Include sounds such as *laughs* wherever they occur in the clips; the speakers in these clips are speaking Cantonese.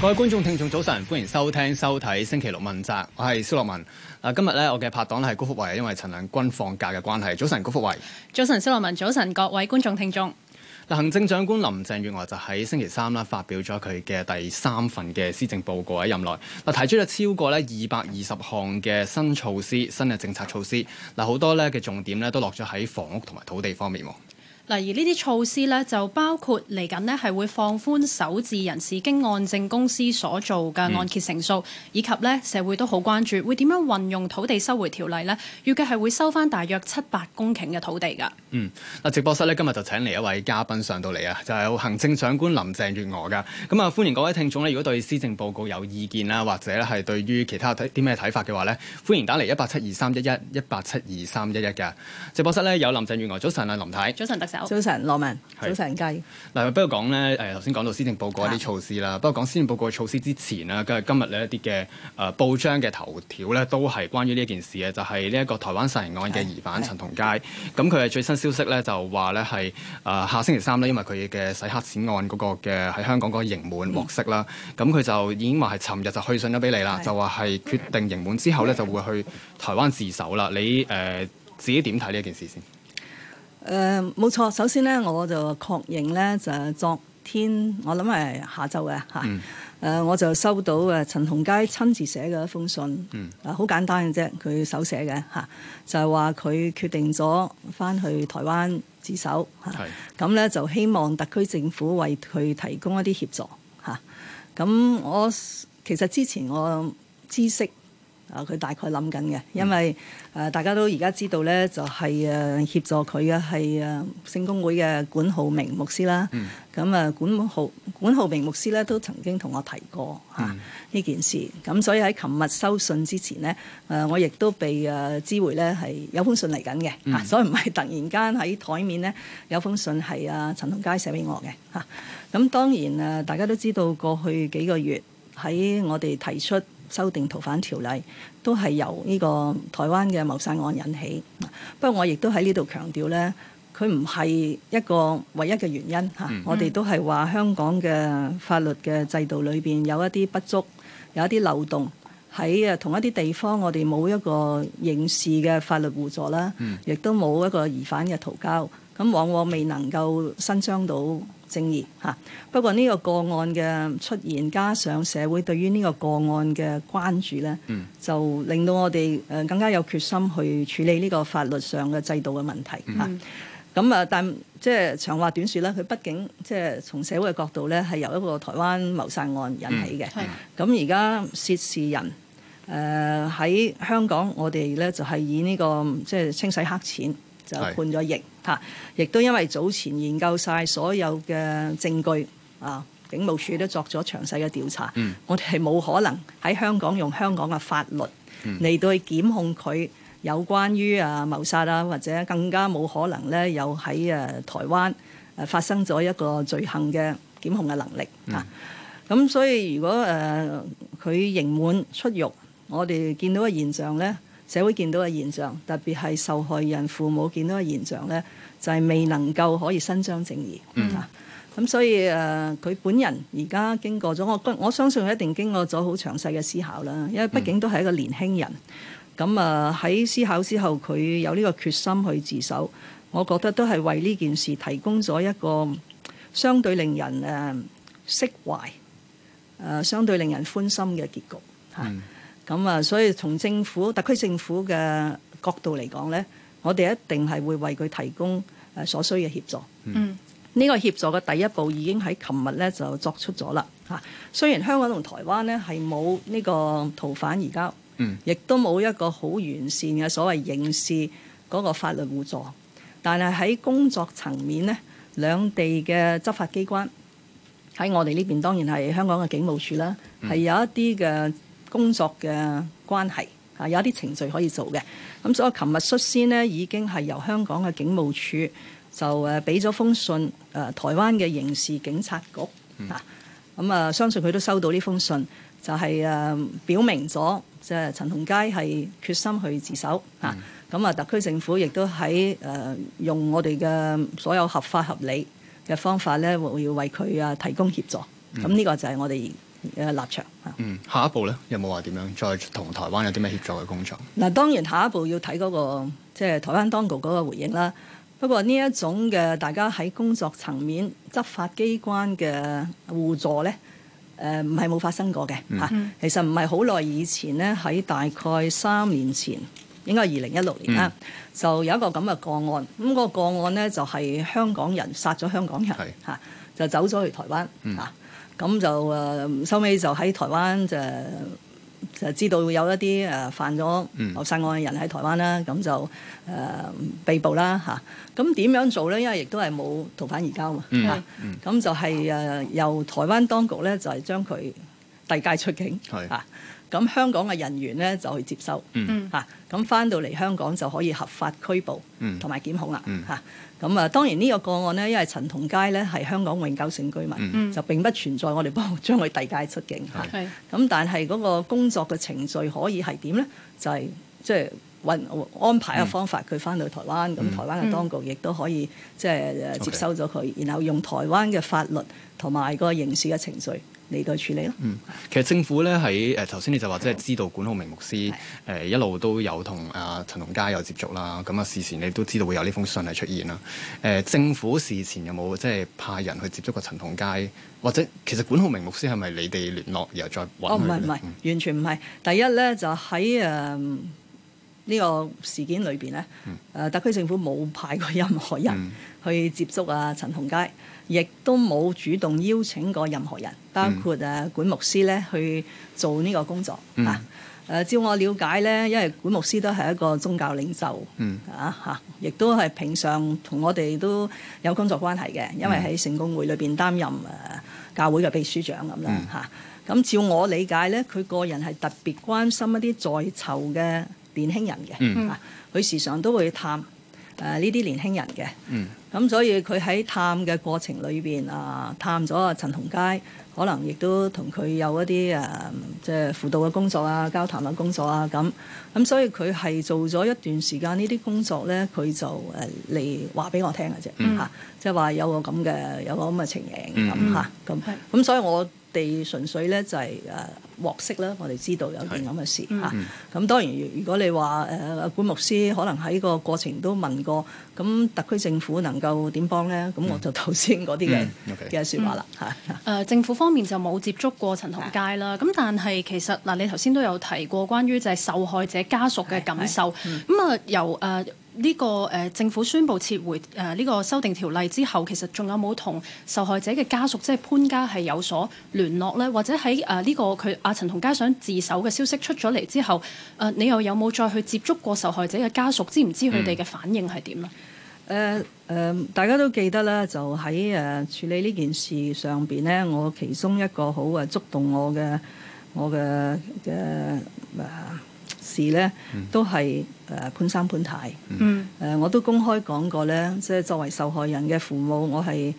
各位觀眾聽眾早晨，歡迎收聽收睇星期六問責，我係蕭洛汶。嗱，今日咧我嘅拍檔咧係高福慧，因為陳亮君放假嘅關係。早晨，高福慧。早晨，蕭洛汶。早晨，各位觀眾聽眾。嗱，行政長官林鄭月娥就喺星期三啦發表咗佢嘅第三份嘅施政報告喺任內，嗱提出咗超過咧二百二十項嘅新措施、新嘅政策措施，嗱好多咧嘅重點咧都落咗喺房屋同埋土地方面。嗱，而呢啲措施咧就包括嚟緊呢係會放寬首置人士經按證公司所做嘅按揭成數，嗯、以及呢社會都好關注會點樣運用土地收回條例呢，預計係會收翻大約七百公頃嘅土地噶。嗯，嗱，直播室呢，今日就請嚟一位嘉賓上到嚟啊，就係、是、行政長官林鄭月娥噶。咁、嗯、啊，歡迎各位聽眾呢，如果對施政報告有意見啦，或者咧係對於其他睇啲咩睇法嘅話呢，歡迎打嚟一八七二三一一一八七二三一一嘅。直播室呢，有林鄭月娥，早晨啊，林太，早晨，特早晨，羅文。是早晨，雞。嗱，不如講咧，誒，頭先講到施政報告啲措施啦。是不過講施政報告嘅措施之前咧，今日呢一啲嘅誒報章嘅頭條咧，都係關於呢一件事嘅，就係呢一個台灣殺人案嘅疑犯陳是同佳。咁佢嘅最新消息咧，就話咧係誒下星期三咧，因為佢嘅洗黑錢案嗰個嘅喺香港個刑滿獲釋啦。咁佢、嗯、就已經話係尋日就去信咗俾你啦，是就話係決定刑滿之後咧就會去台灣自首啦。你誒、呃、自己點睇呢一件事先？誒冇、呃、錯，首先咧我就確認咧就係昨天，我諗係下晝嘅嚇。誒、嗯啊、我就收到誒陳同佳親自寫嘅一封信，嗯、啊好簡單嘅啫，佢手寫嘅嚇、啊，就係話佢決定咗翻去台灣自首嚇。咁、啊、咧是就希望特區政府為佢提供一啲協助嚇。咁、啊、我其實之前我知識。啊！佢大概諗緊嘅，因為誒、呃、大家都而家知道咧，就係誒協助佢嘅係誒聖公會嘅管浩鳴牧師啦。咁、嗯、啊，管浩管浩鳴牧師咧都曾經同我提過嚇呢、啊嗯、件事。咁、啊、所以喺琴日收信之前呢，誒、啊、我亦都被誒、啊、知會咧係有封信嚟緊嘅嚇，所以唔係突然間喺台面呢有封信係阿陳同佳寫俾我嘅嚇。咁、啊啊啊、當然誒、啊，大家都知道過去幾個月喺我哋提出修訂逃犯條例都係由呢個台灣嘅謀殺案引起，不過我亦都喺呢度強調呢，佢唔係一個唯一嘅原因嚇、mm hmm. 啊。我哋都係話香港嘅法律嘅制度裏邊有一啲不足，有一啲漏洞喺啊，同一啲地方，我哋冇一個刑事嘅法律互助啦，亦、mm hmm. 都冇一個疑犯嘅逃交，咁往往未能夠伸張到。正義嚇，不過呢個個案嘅出現，加上社會對於呢個個案嘅關注咧，嗯、就令到我哋誒更加有決心去處理呢個法律上嘅制度嘅問題嚇。咁、嗯、啊，但即係長話短說咧，佢畢竟即係從社會嘅角度咧，係由一個台灣謀殺案引起嘅。咁而家涉事人誒喺、呃、香港，我哋咧就係以呢、呢個即係清洗黑錢就判咗刑。亦都因為早前研究晒所有嘅證據，啊，警務處都作咗詳細嘅調查。嗯、我哋係冇可能喺香港用香港嘅法律嚟對檢控佢有關於啊謀殺啊，或者更加冇可能咧有喺啊台灣誒發生咗一個罪行嘅檢控嘅能力。咁、嗯、所以如果誒佢、呃、刑滿出獄，我哋見到嘅現象咧，社會見到嘅現象，特別係受害人父母見到嘅現象咧。就係未能夠可以伸張正義嚇，咁、嗯啊、所以誒，佢、呃、本人而家經過咗，我我相信佢一定經過咗好詳細嘅思考啦。因為畢竟都係一個年輕人，咁、嗯、啊喺思考之後，佢有呢個決心去自首，我覺得都係為呢件事提供咗一個相對令人誒、呃、釋懷誒、呃，相對令人歡心嘅結局嚇。咁啊，、嗯、啊，所以從政府特區政府嘅角度嚟講咧。我哋一定係會為佢提供誒所需嘅協助。嗯，呢個協助嘅第一步已經喺琴日咧就作出咗啦嚇。雖然香港同台灣呢係冇呢個逃犯移交，嗯，亦都冇一個好完善嘅所謂刑事嗰個法律互助，但係喺工作層面呢，兩地嘅執法機關喺我哋呢邊當然係香港嘅警務處啦，係、嗯、有一啲嘅工作嘅關係啊，有一啲程序可以做嘅。咁所以琴日率先呢，已經係由香港嘅警務處就誒俾咗封信誒、呃、台灣嘅刑事警察局、嗯、啊，咁啊相信佢都收到呢封信，就係、是、誒表明咗即係陳同佳係決心去自首嚇，咁、嗯、啊特區政府亦都喺誒、呃、用我哋嘅所有合法合理嘅方法咧，會要為佢啊提供協助，咁呢、嗯、個就係我哋，誒立場嚇，嗯，下一步咧有冇話點樣再同台灣有啲咩協助嘅工作？嗱，當然下一步要睇嗰、那個即係、就是、台灣當局嗰個回應啦。不過呢一種嘅大家喺工作層面執法機關嘅互助咧，誒唔係冇發生過嘅嚇。嗯、其實唔係好耐以前呢，喺大概三年前，應該係二零一六年啦，嗯、就有一個咁嘅個案。咁、那個個案呢，就係、是、香港人殺咗香港人嚇，是就走咗去台灣嚇。嗯咁就誒收尾就喺台灣就就知道有一啲誒、啊、犯咗謀殺案嘅人喺台灣啦，咁、嗯、就誒、呃、被捕啦，咁點樣做咧？因為亦都係冇逃犯移交嘛，咁就係、是、誒、呃、由台灣當局咧就係、是、將佢遞解出境是的、啊咁香港嘅人員咧就去接收，嚇，咁翻到嚟香港就可以合法拘捕，同埋檢控啦，嚇。咁啊，當然呢個個案咧，因為陳同佳咧係香港永久性居民，就並不存在我哋幫將佢遞解出境嚇。咁但係嗰個工作嘅程序可以係點咧？就係即係揾安排一個方法，佢翻到台灣，咁台灣嘅當局亦都可以即係接收咗佢，然後用台灣嘅法律同埋個刑事嘅程序。嚟度處理咯。嗯，其實政府咧喺誒頭先你就話即係知道管浩明牧師誒對、呃、一路都有同阿陳同佳有接觸啦。咁啊事前你都知道會有呢封信係出現啦。誒、呃，政府事前有冇即係派人去接觸過陳同佳？或者其實管浩明牧師係咪你哋聯絡然後再揾佢？哦，唔係唔係，嗯、完全唔係。第一咧就喺誒呢個事件裏邊咧，誒、嗯呃、特區政府冇派過任何人去接觸啊，陳同佳。嗯亦都冇主動邀請過任何人，包括誒管牧師咧去做呢個工作嚇。誒、嗯啊、照我了解咧，因為管牧師都係一個宗教領袖、嗯、啊嚇，亦都係平常同我哋都有工作關係嘅，因為喺聖公會裏邊擔任誒、啊、教會嘅秘書長咁啦嚇。咁、啊啊、照我理解咧，佢個人係特別關心一啲在囚嘅年輕人嘅，佢、嗯啊、時常都會探誒呢啲年輕人嘅。嗯咁所以佢喺探嘅過程裏邊啊，探咗阿陳同佳，可能亦都同佢有一啲誒即係輔導嘅工作啊、交談嘅工作啊，咁咁所以佢係做咗一段時間呢啲工作咧，佢就誒嚟，話俾我聽嘅啫吓，即係話有個咁嘅有個咁嘅情形咁吓，咁、mm，咁所以我。哋純粹咧就係、是、誒、啊、獲釋啦，我哋知道有件咁嘅事嚇。咁、嗯啊、當然，如果你話誒管牧師可能喺個過程都問過，咁特區政府能夠點幫咧？咁、嗯、我就頭先嗰啲嘅嘅説話啦嚇。誒政府方面就冇接觸過陳同佳啦。咁是但係其實嗱、呃，你頭先都有提過關於就係受害者家屬嘅感受。咁、嗯嗯、啊由誒。呃呢、這個誒、呃、政府宣布撤回誒呢、呃這個修訂條例之後，其實仲有冇同受害者嘅家屬，即係潘家係有所聯絡呢？或者喺誒呢個佢阿陳同佳想自首嘅消息出咗嚟之後，誒、呃、你又有冇再去接觸過受害者嘅家屬？知唔知佢哋嘅反應係點咧？誒誒、嗯呃呃，大家都記得啦，就喺誒、呃、處理呢件事上邊呢，我其中一個好誒觸動我嘅，我嘅嘅、呃事呢都係誒潘生潘太誒、嗯呃，我都公開講過呢。即係作為受害人嘅父母，我係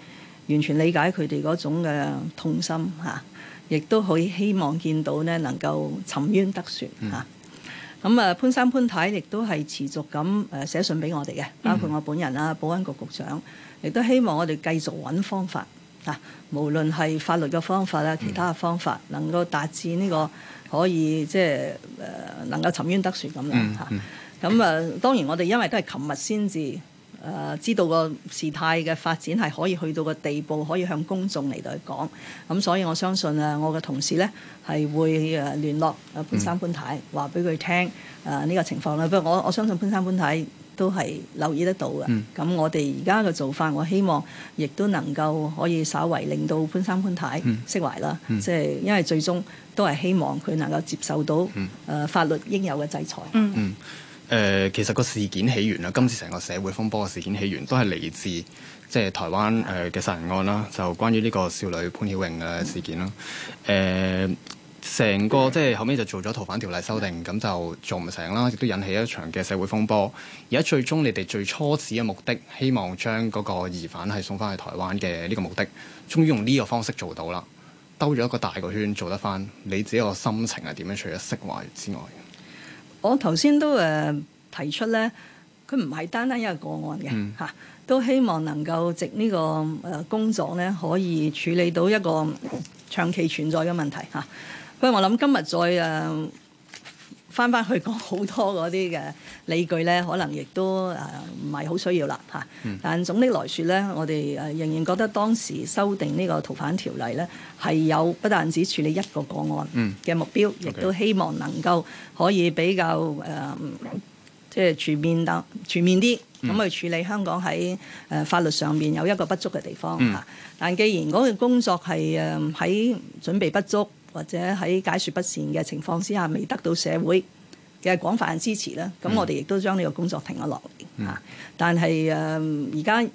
完全理解佢哋嗰種嘅痛心嚇，亦、啊、都可以希望見到呢能夠沉冤得雪嚇。咁啊，啊，潘生潘太亦都係持續咁誒寫信俾我哋嘅，包括我本人啦、嗯、保安局局長，亦都希望我哋繼續揾方法嚇、啊，無論係法律嘅方法啦，其他嘅方法，嗯、能夠達至呢、這個。可以即係誒、呃、能夠沉冤得雪咁樣嚇，咁、啊、誒、嗯嗯啊、當然我哋因為都係琴日先至誒知道個事態嘅發展係可以去到個地步，可以向公眾嚟到去講，咁、啊、所以我相信誒我嘅同事咧係會誒聯絡誒潘生潘太話俾佢聽誒呢個情況啦。不過、嗯、我我相信潘生潘太太。都係留意得到嘅，咁、嗯、我哋而家嘅做法，我希望亦都能夠可以稍為令到潘三潘太釋、嗯、懷啦，即係、嗯、因為最終都係希望佢能夠接受到、嗯呃、法律應有嘅制裁。嗯誒、嗯呃，其實個事件起源啦，今次成個社會風波嘅事件起源都係嚟自即係、就是、台灣誒嘅、呃、殺人案啦，就關於呢個少女潘曉穎嘅事件啦。誒。成個即係後尾就做咗逃犯條例修訂，咁就做唔成啦，亦都引起一場嘅社會風波。而家最終你哋最初始嘅目的，希望將嗰個疑犯係送翻去台灣嘅呢個目的，終於用呢個方式做到啦，兜咗一個大個圈做得翻。你自己個心情係點樣？除咗釋懷之外，我頭先都誒提出呢，佢唔係單單一個個案嘅嚇，嗯、都希望能夠藉呢個誒工作呢，可以處理到一個長期存在嘅問題嚇。不過我諗，今日再誒翻翻去講好多嗰啲嘅理據咧，可能亦都誒唔係好需要啦嚇。啊嗯、但總的來說咧，我哋誒仍然覺得當時修訂呢個逃犯條例咧，係有不但止處理一個個案嘅目標，亦、嗯、都希望能夠可以比較誒，即係全面、全面啲咁、啊嗯、去處理香港喺誒、啊、法律上面有一個不足嘅地方嚇、啊。但既然嗰個工作係誒喺準備不足。或者喺解說不善嘅情況之下，未得到社會嘅廣泛的支持啦，咁我哋亦都將呢個工作停咗落嚟吓。嗯、但係誒，而、呃、家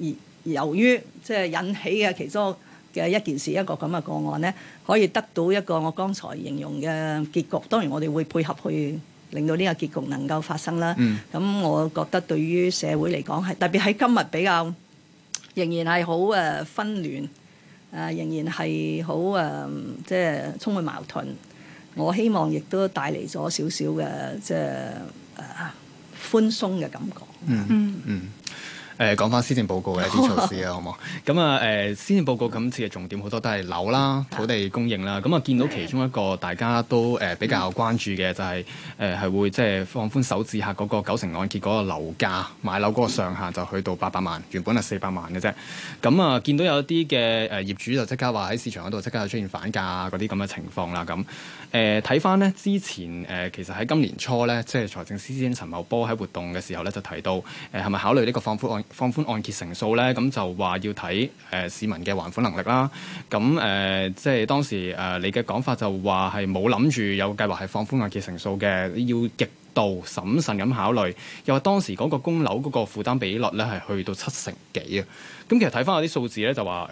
由於即係引起嘅其中嘅一件事一個咁嘅個案咧，可以得到一個我剛才形容嘅結局。當然我哋會配合去令到呢個結局能夠發生啦。咁、嗯、我覺得對於社會嚟講，係特別喺今日比較仍然係好誒紛亂。啊，仍然係好誒，即係充滿矛盾。我希望亦都帶嚟咗少少嘅，即係誒寬鬆嘅感覺。嗯嗯。嗯講翻施政報告嘅一啲措施啊，好冇？咁啊誒施政報告今次嘅重點好多都係樓啦、土地供應啦。咁啊、oh. 見到其中一個大家都、呃、比較關注嘅就係、是、誒、呃、會即係、就是、放寬手字客嗰個九成按揭嗰個樓價買樓嗰個上限就去到八百萬，原本係四百萬嘅啫。咁啊見到有啲嘅誒業主就即刻話喺市場嗰度即刻出現反價嗰啲咁嘅情況啦。咁睇翻呢，之前、呃、其實喺今年初咧，即係財政司司長陳茂波喺活動嘅時候咧就提到係咪、呃、考慮呢個放寬按放寬按揭成數咧，咁就話要睇、呃、市民嘅還款能力啦。咁即係當時、呃、你嘅講法就話係冇諗住有，有計劃係放寬按揭成數嘅，要極度審慎咁考慮。又話當時嗰個供樓嗰個負擔比率咧係去到七成幾啊。咁其實睇翻有啲數字咧，就話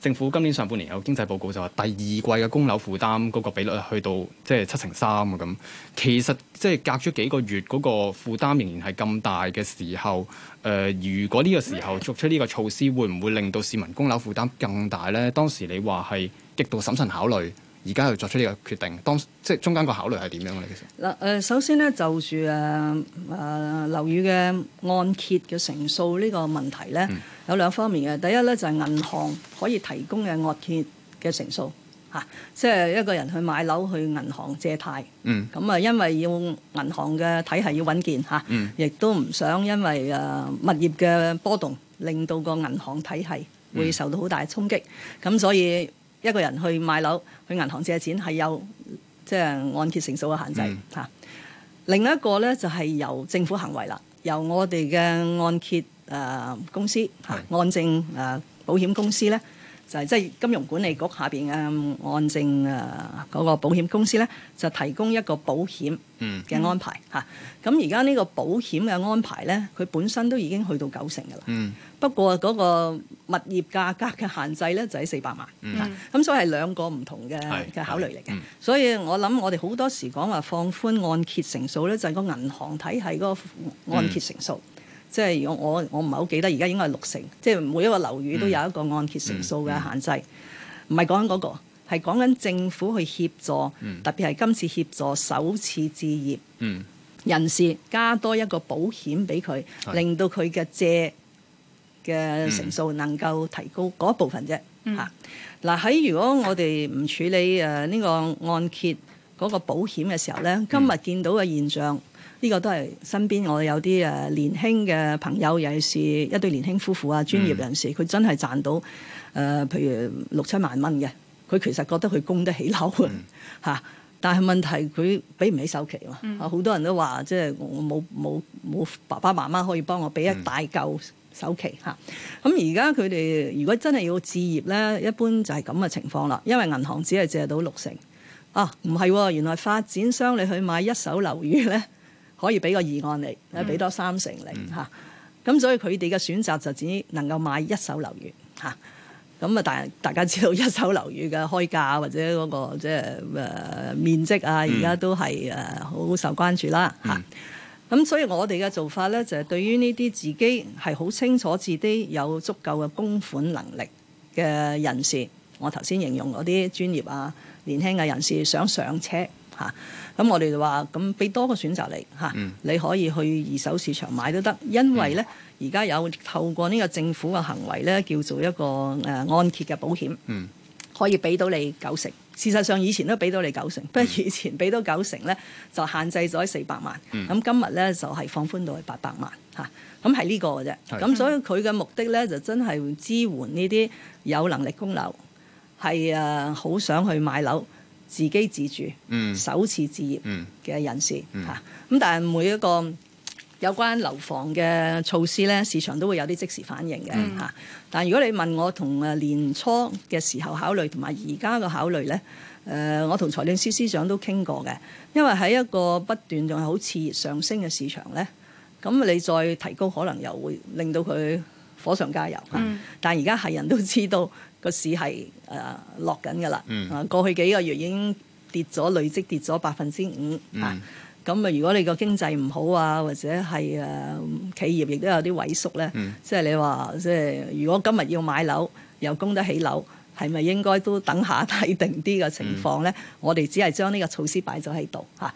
政府今年上半年有經濟報告就話，第二季嘅供樓負擔嗰個比率去到即係七成三啊咁。其實即係隔咗幾個月，嗰、那個負擔仍然係咁大嘅時候，誒、呃，如果呢個時候作出呢個措施，會唔會令到市民供樓負擔更大咧？當時你話係極度審慎考慮。而家去作出呢個決定，當即係中間個考慮係點樣咧？其實嗱，誒首先咧就住誒誒樓宇嘅按揭嘅成數呢個問題咧，嗯、有兩方面嘅。第一咧就係銀行可以提供嘅按揭嘅成數嚇、啊，即係一個人去買樓去銀行借貸。嗯。咁啊，因為要銀行嘅體系要穩健嚇，亦都唔想因為誒物業嘅波動，令到個銀行體系會受到好大嘅衝擊，咁、嗯、所以。一個人去買樓，去銀行借錢係有即係、就是、按揭成數嘅限制嚇、嗯啊。另一個呢，就係、是、由政府行為啦，由我哋嘅按揭誒、呃、公司嚇、按是的、啊、證誒、呃、保險公司呢，就係即係金融管理局下邊嘅、嗯、按證啊嗰個保險公司咧，就提供一個保險嘅安排嚇。咁而家呢個保險嘅安排咧，佢本身都已經去到九成㗎喇。嗯、不過嗰個物業價格嘅限制咧，就係四百萬。咁、嗯啊、所以係兩個唔同嘅嘅考慮嚟嘅。所以我諗我哋好多時講話放寬按揭成數咧，就係、是、個銀行體系嗰個按揭成數。嗯即係我我唔係好記得而家應該係六成，即係每一個樓宇都有一個按揭成數嘅限制。唔係講緊嗰個，係講緊政府去協助，嗯、特別係今次協助首次置業、嗯、人士加多一個保險俾佢，是令到佢嘅借嘅成數能夠提高嗰、嗯、一部分啫。嚇、嗯！嗱喺、啊、如果我哋唔處理誒呢、呃呢個按揭嗰個保險嘅時候咧，今日見到嘅現象。呢個都係身邊我有啲誒年輕嘅朋友，尤其是一對年輕夫婦啊，專業人士，佢、嗯、真係賺到誒、呃，譬如六七萬蚊嘅，佢其實覺得佢供得起樓嚇、嗯啊。但係問題佢俾唔起首期喎。好、啊、多人都話，即係我冇冇冇爸爸媽媽可以幫我俾一大嚿首期嚇。咁而家佢哋如果真係要置業呢，一般就係咁嘅情況啦。因為銀行只係借到六成啊，唔係，原來發展商你去買一手樓宇呢。可以俾個議案你，誒俾多三成你嚇，咁、嗯啊、所以佢哋嘅選擇就只能夠買一手樓宇嚇。咁啊，但係大家知道一手樓宇嘅開價或者嗰、那個即係誒面積啊，而家都係誒好受關注啦嚇。咁、啊嗯啊、所以我哋嘅做法咧，就係、是、對於呢啲自己係好清楚自己有足夠嘅供款能力嘅人士，我頭先形容嗰啲專業啊年輕嘅人士想上車。嚇！咁、啊、我哋就話咁俾多個選擇你嚇，啊嗯、你可以去二手市場買都得，因為咧而家有透過呢個政府嘅行為咧叫做一個誒按、呃、揭嘅保險，嗯、可以俾到你九成。事實上以前都俾到你九成，不過、嗯、以前俾到九成咧就限制咗四百萬，咁、嗯啊、今日咧就係、是、放寬到八百萬嚇。咁係呢個嘅啫，咁的所以佢嘅目的咧就真係支援呢啲有能力供樓，係誒好想去買樓。自己自住、嗯、首次置業嘅人士嚇，咁、嗯嗯啊、但係每一個有關樓房嘅措施咧，市場都會有啲即時反應嘅嚇、嗯啊。但如果你問我同誒年初嘅時候考慮同埋而家嘅考慮咧，誒、呃、我同財政司司長都傾過嘅，因為喺一個不斷仲係好熾熱上升嘅市場咧，咁你再提高可能又會令到佢火上加油嚇、嗯啊。但係而家係人都知道。個市係誒、呃、落緊嘅啦，啊、嗯、過去幾個月已經跌咗累積跌咗百分之五嚇，咁、嗯、啊如果你個經濟唔好啊，或者係誒、呃、企業亦都有啲萎縮咧，即係你話即係如果今日要買樓又供得起樓，係咪應該都等下睇定啲嘅情況咧？嗯、我哋只係將呢個措施擺咗喺度嚇，誒、啊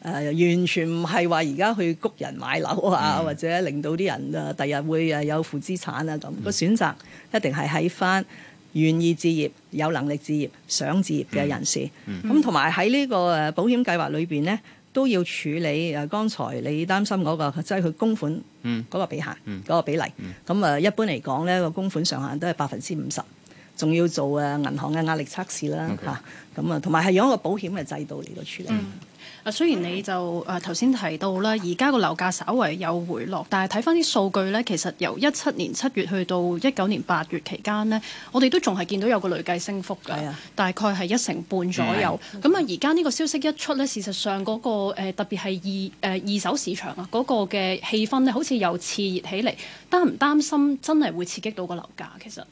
呃、完全唔係話而家去谷人買樓啊，嗯、或者令到啲人誒第日會誒有負資產啊咁，嗯、個選擇一定係喺翻。願意置業、有能力置業、想置業嘅人士，咁同埋喺呢個保險計劃裏面呢，都要處理誒剛才你擔心嗰、那個，即係佢供款嗰個比限，嗰、嗯、個比例。咁啊、嗯，嗯、一般嚟講呢個供款上限都係百分之五十，仲要做銀行嘅壓力測試啦咁 Okay. 啊，同埋係用一個保險嘅制度嚟到處理。嗯啊，雖然你就誒頭先提到啦，而家個樓價稍為有回落，但係睇返啲數據咧，其實由一七年七月去到一九年八月期間呢，我哋都仲係見到有個累計升幅㗎，Yeah. 大概係一成半左右。咁啊 Yeah.、嗯，而家呢個消息一出咧，事實上嗰、那個、呃、特別係二誒、呃、二手市場啊，嗰個嘅氣氛咧，好似又熾熱起嚟，擔唔擔心真係會刺激到個樓價其實？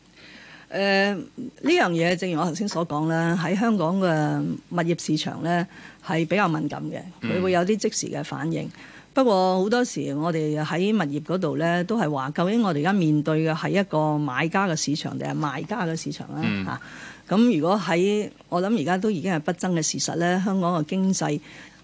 誒呢樣嘢，呃、正如我頭先所講啦，喺香港嘅物業市場咧係比較敏感嘅，佢會有啲即時嘅反應。嗯、不過好多時我哋喺物業嗰度咧，都係話究竟我哋而家面對嘅係一個買家嘅市場定係賣家嘅市場咧嚇？咁、嗯啊、如果喺我諗而家都已經係不爭嘅事實咧，香港嘅經濟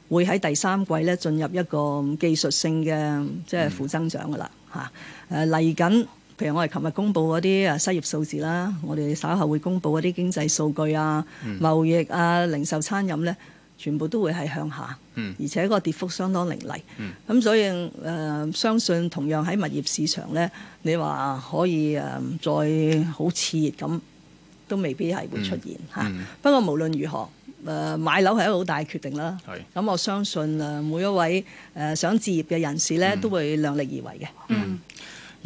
會喺第三季咧進入一個技術性嘅即係負增長嘅啦嚇。誒嚟緊。啊譬如我哋琴日公布嗰啲失業數字啦，我哋稍後會公布嗰啲經濟數據啊、嗯、貿易啊、零售、餐飲咧，全部都會係向下，嗯、而且個跌幅相當凌厲。咁、嗯、所以、呃、相信同樣喺物業市場咧，你話可以再好熾熱咁，都未必係會出現、嗯嗯啊、不過無論如何，誒、呃、買樓係一個好大嘅決定啦。咁是我相信每一位想置業嘅人士咧，嗯、都會量力而為嘅。嗯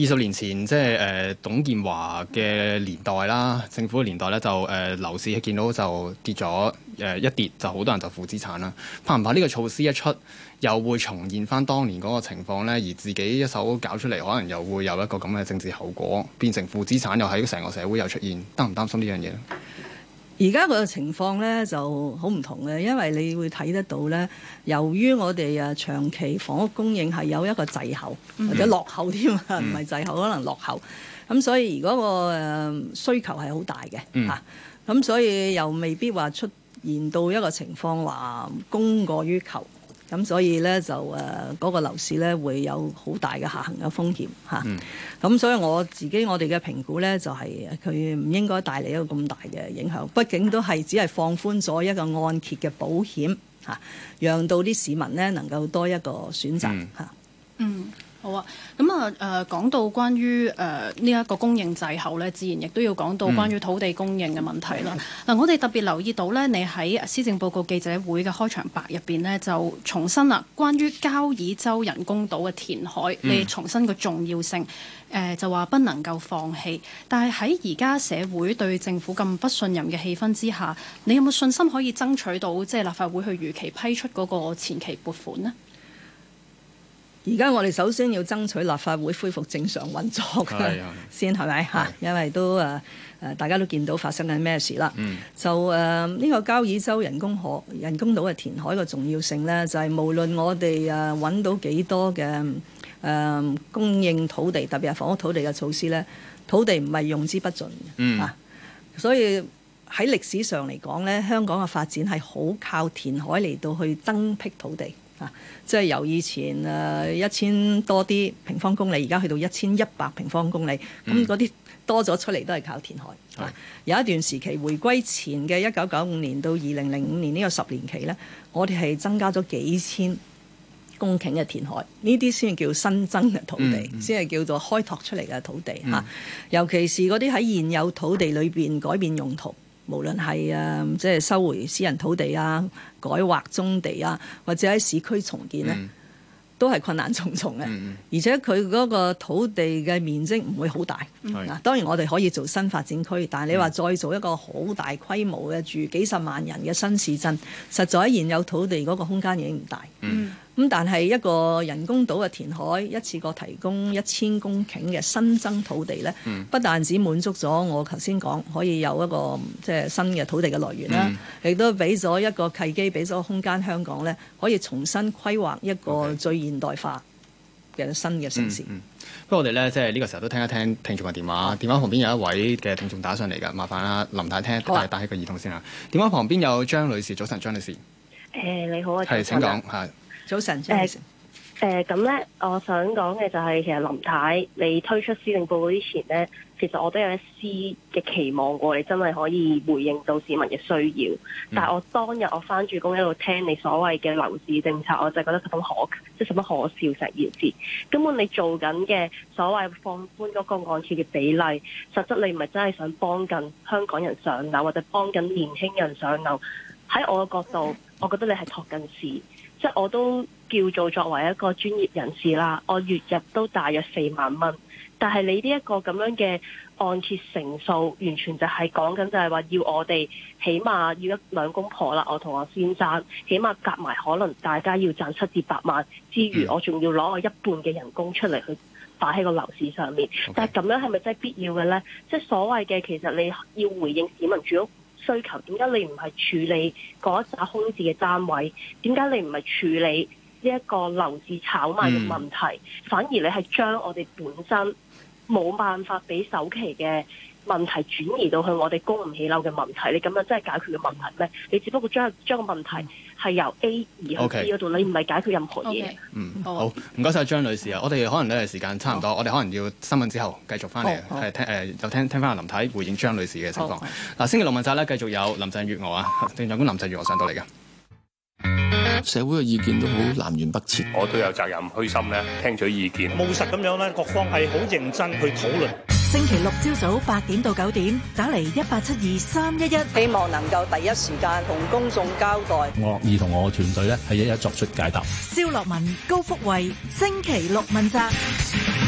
二十年前即係、誒、董建華嘅年代啦，政府嘅年代呢，就誒、呃、樓市一見到就跌咗、呃、一跌，就好多人就負資產啦。怕唔怕呢個措施一出，又會重現翻當年嗰個情況呢？而自己一手搞出嚟，可能又會有一個咁嘅政治後果，變成負資產，又喺成個社會又出現，擔唔擔心這件事呢樣嘢咧？而家個情況咧就好唔同嘅，因為你會睇得到咧，由於我哋誒長期房屋供應係有一個滯後、mm hmm. 或者落後添啊，唔係滯後，可能落後。咁所以如果個誒需求係好大嘅嚇，咁、mm hmm. 啊、所以又未必話出現到一個情況話供過於求。咁所以咧就誒嗰、呃那個樓市咧會有好大嘅下行嘅風險嚇，咁、啊嗯、所以我自己我哋嘅評估咧就係佢唔應該帶嚟一個咁大嘅影響，畢竟都係只係放寬咗一個按揭嘅保險嚇、啊，讓到啲市民呢，能夠多一個選擇嚇，嗯。啊嗯好啊，咁啊誒講到關於誒呢一個供應滯後呢，自然亦都要講到關於土地供應嘅問題啦。嗱、嗯嗯，我哋特別留意到呢，你喺施政報告記者會嘅開場白入面呢，就重申啦，關於交椅洲人工島嘅填海，嗯、你重申個重要性，呃、就話不能夠放棄。但係喺而家社會對政府咁不信任嘅氣氛之下，你有冇信心可以爭取到即係立法會去如期批出嗰個前期撥款呢？而家我哋首先要爭取立法會恢復正常運作先係咪嚇？因為都誒誒、呃，大家都見到發生緊咩事啦。嗯、就誒呢、呃呢個交椅洲人工河人工島嘅填海嘅重要性咧，就係、是、無論我哋誒揾到幾多嘅誒、呃、供應土地，特別係房屋土地嘅措施咧，土地唔係用之不盡嚇、嗯啊。所以喺歷史上嚟講咧，香港嘅發展係好靠填海嚟到去增闢土地。啊、即係由以前一千、呃、多啲平方公里，而家去到一千一百平方公里，咁嗰啲多咗出嚟都係靠填海。有一段時期，回歸前嘅一九九五年到二零零五年呢個十年期呢，我哋係增加咗幾千公頃嘅填海，呢啲先叫新增嘅土地，先係、嗯、叫做開拓出嚟嘅土地、啊嗯、尤其是嗰啲喺現有土地裏面改變用途。無論係啊、嗯，即係收回私人土地啊、改劃宗地啊，或者喺市區重建呢，嗯、都係困難重重嘅。嗯、而且佢嗰個土地嘅面積唔會好大。嗱、嗯，當然我哋可以做新發展區，但係你話再做一個好大規模嘅住幾十萬人嘅新市鎮，實在喺現有土地嗰、嗰個空間已經唔大。嗯嗯。咁但係一個人工島嘅填海，一次過提供一千公頃嘅新增土地呢，不但只滿足咗我頭先講可以有一個即係新嘅土地嘅來源啦，嗯、亦都俾咗一個契機，俾咗空間香港呢可以重新規劃一個最現代化嘅新嘅城市，okay. 嗯嗯。不過我哋呢，即係呢個時候都聽一聽聽眾嘅電話，電話旁邊有一位嘅聽眾打上嚟㗎，麻煩啦，林太聽，戴打起個耳筒先啦。電話旁邊有張女士，早晨，張女士，誒、欸、你好啊，係是安請講，係。早晨，誒咁咧，我想講嘅就係其實林太，你推出施政報告之前咧，其實我都有一絲嘅期望過，你真係可以回應到市民嘅需要。嗯、但係我當日我翻住工一路聽你所謂嘅樓市政策，我就覺得十分可即係十分可笑，成件事根本你做緊嘅所謂放寬嗰個按揭嘅比例，實質你唔係真係想幫緊香港人上樓，或者幫緊年輕人上樓。喺我嘅角度，我覺得你係托緊市。即係我都叫做作為一個專業人士啦，我月入都大約四萬蚊，但係你呢一個咁樣嘅按揭成數，完全就係講緊就係話要我哋起碼要一兩公婆啦，我同我先生起碼夾埋，可能大家要賺七至八萬之餘，我仲要攞我一半嘅人工出嚟去擺喺個樓市上面。Okay. 但係咁樣係咪真係必要嘅呢？即係所謂嘅其實你要回應市民住屋。需求點解你唔係處理嗰一紮空置嘅單位？點解你唔係處理呢一個樓市炒賣嘅問題？反而你係將我哋本身冇辦法俾首期嘅問題轉移到去我哋供唔起樓嘅問題？你咁樣真係解決嘅問題咩？你只不過將將個問題。係由 A 而去 B 嗰度 Okay.，你唔係解決任何嘢。Okay. 嗯，好，唔該晒張女士啊！我哋可能呢個時間差唔多，oh. 我哋可能要新聞之後繼續翻嚟，係、oh. 聽誒，又、呃、聽聽翻林太，太回應張女士嘅情況。嗱，oh. 星期六晚晒，咧，繼續有林鄭月娥啊，行政長官林鄭月娥上到嚟㗎。社會嘅意見都好南轅北轍，我都有責任虛心咧，聽取意見，務實咁樣咧，各方係好認真去討論。星期六朝早八點到九點，打嚟一八七二三一一，希望能夠第一時間同公眾交代，樂意同我團隊咧，係一一作出解答。蕭洛汶、高福慧，星期六問責。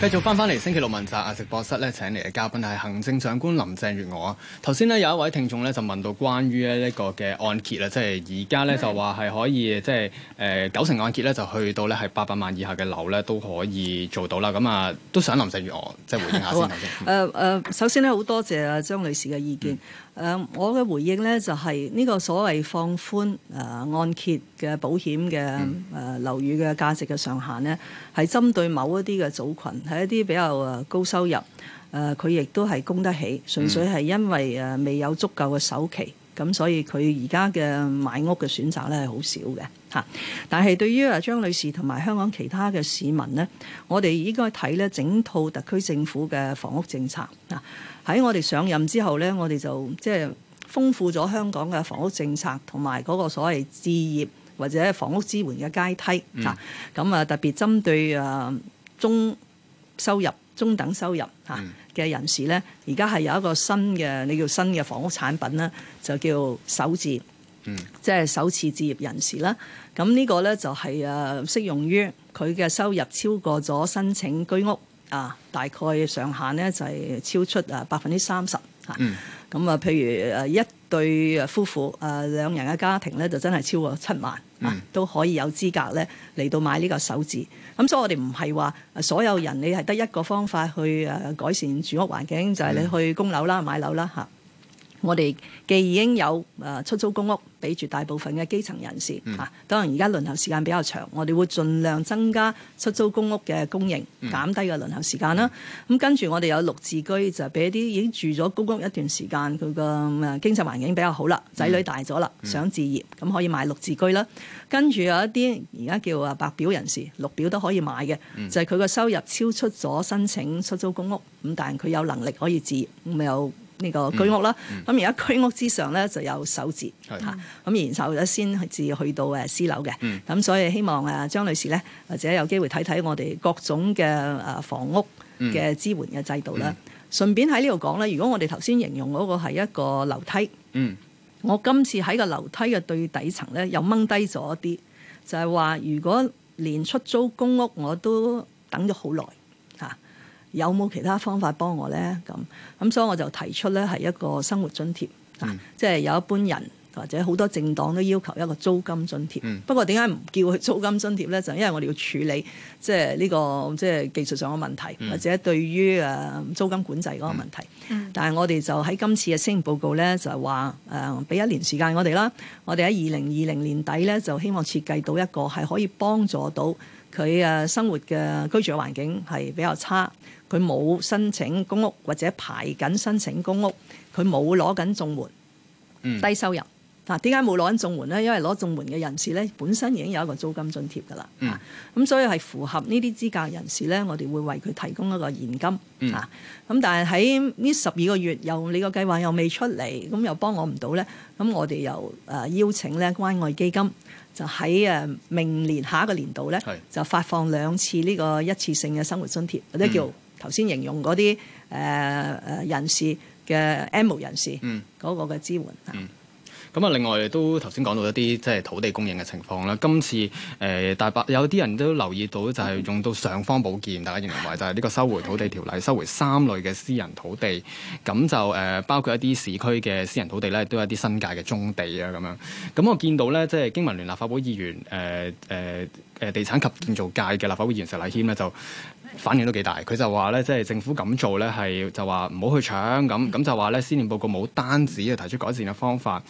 繼續翻翻嚟星期六問責啊！直播室咧請嚟嘅嘉賓係行政長官林鄭月娥啊！頭先呢有一位聽眾咧就問到關於呢一個嘅按揭啦，即係而家咧就話係可以即係誒九成按揭咧就去到咧係八百萬以下嘅樓咧都可以做到啦。咁啊都想林鄭月娥即係回應下先。頭先誒誒，首先咧好多謝啊張女士嘅意見。嗯誒、呃，我嘅回應呢，就係、是、呢個所謂放寬誒、呃、按揭嘅保險嘅誒樓宇嘅價值嘅上限呢係針對某一啲嘅組群，係一啲比較誒高收入誒，佢亦都係供得起，純粹係因為誒未、呃、有足夠嘅首期，咁所以佢而家嘅買屋嘅選擇呢係好少嘅嚇、啊。但係對於啊張女士同埋香港其他嘅市民呢，我哋應該睇呢整套特區政府嘅房屋政策嗱。啊。喺我哋上任之後咧，我哋就即係豐富咗香港嘅房屋政策同埋嗰個所謂置業或者房屋支援嘅階梯嚇。咁啊、嗯，特別針對誒中收入、中等收入嚇嘅人士咧，而家係有一個新嘅，你叫新嘅房屋產品啦，就叫首置，嗯、即係首次置業人士啦。咁呢個咧就係誒適用於佢嘅收入超過咗申請居屋。啊，大概上限咧就係、是、超出啊百分之三十嚇，咁啊，譬、嗯啊、如誒一對誒夫婦啊，兩人嘅家庭咧就真係超過七萬啊，嗯、都可以有資格咧嚟到買呢個首置。咁、啊、所以我哋唔係話所有人你係得一個方法去誒改善住屋環境，就係、是、你去供樓啦、買樓啦嚇。啊我哋既已經有出租公屋俾住大部分嘅基層人士嚇、嗯啊，當然而家輪候時間比較長，我哋會盡量增加出租公屋嘅供應，減、嗯、低個輪候時間啦。咁、嗯嗯、跟住我哋有綠置居，就俾啲已經住咗公屋一段時間，佢個經濟環境比較好啦，仔女大咗啦，嗯、想置業咁、嗯、可以買綠置居啦。跟住有一啲而家叫啊白表人士，綠表都可以買嘅，嗯、就係佢個收入超出咗申請出租公屋，咁但係佢有能力可以置業，咁有。呢個居屋啦，咁而家居屋之上咧就有首置，嚇是，咁、嗯、然後咧先至去到誒私樓嘅，咁、嗯、所以希望誒張女士咧，或者有機會睇睇我哋各種嘅誒房屋嘅支援嘅制度啦。嗯嗯、順便喺呢度講咧，如果我哋頭先形容嗰個係一個樓梯，嗯、我今次喺個樓梯嘅對底層咧又掹低咗一啲，就係、是、話如果連出租公屋我都等咗好耐。有冇其他方法幫我呢？咁咁，所以我就提出呢，係一個生活津貼，即係、嗯啊就是、有一般人或者好多政黨都要求一個租金津貼。嗯、不過點解唔叫佢租金津貼呢？就因為我哋要處理即係呢個即係、就是、技術上嘅問題，嗯、或者對於誒租金管制嗰個問題。嗯、但係我哋就喺今次嘅施政報告呢，就係話誒俾一年時間我哋啦。我哋喺二零二零年底呢，就希望設計到一個係可以幫助到佢誒生活嘅居住的環境係比較差。佢冇申請公屋或者排緊申請公屋，佢冇攞緊綜援，嗯、低收入。嗱，點解冇攞緊綜援咧？因為攞綜援嘅人士咧，本身已經有一個租金津貼噶啦。嗯，咁所以係符合呢啲資格人士咧，我哋會為佢提供一個現金。咁、嗯、但係喺呢十二個月又你個計劃又未出嚟，咁又幫我唔到咧，咁我哋又誒邀請咧關愛基金，就喺誒明年下一個年度咧，就發放兩次呢個一次性嘅生活津貼，嗯、或者叫。頭先形容嗰啲誒誒人士嘅 MO、嗯、人士，嗰個嘅支援。嗯，咁、嗯、啊，另外都頭先講到一啲即係土地供應嘅情況啦。今次誒、呃、大白有啲人都留意到，就係用到尚方寶劍，嗯、大家認為就係呢個收回土地條例、嗯、收回三類嘅私人土地，咁就誒、呃、包括一啲市區嘅私人土地咧，都有一啲新界嘅棕地啊咁樣。咁我見到咧，即、就、係、是、經文聯立法會議員誒誒誒地產及建造界嘅立法會議員石禮謙咧就。反應都幾大，佢就話咧，即係政府咁做咧，係就話唔好去搶咁，咁就話咧，施政報告冇單止要提出改善嘅方法，誒、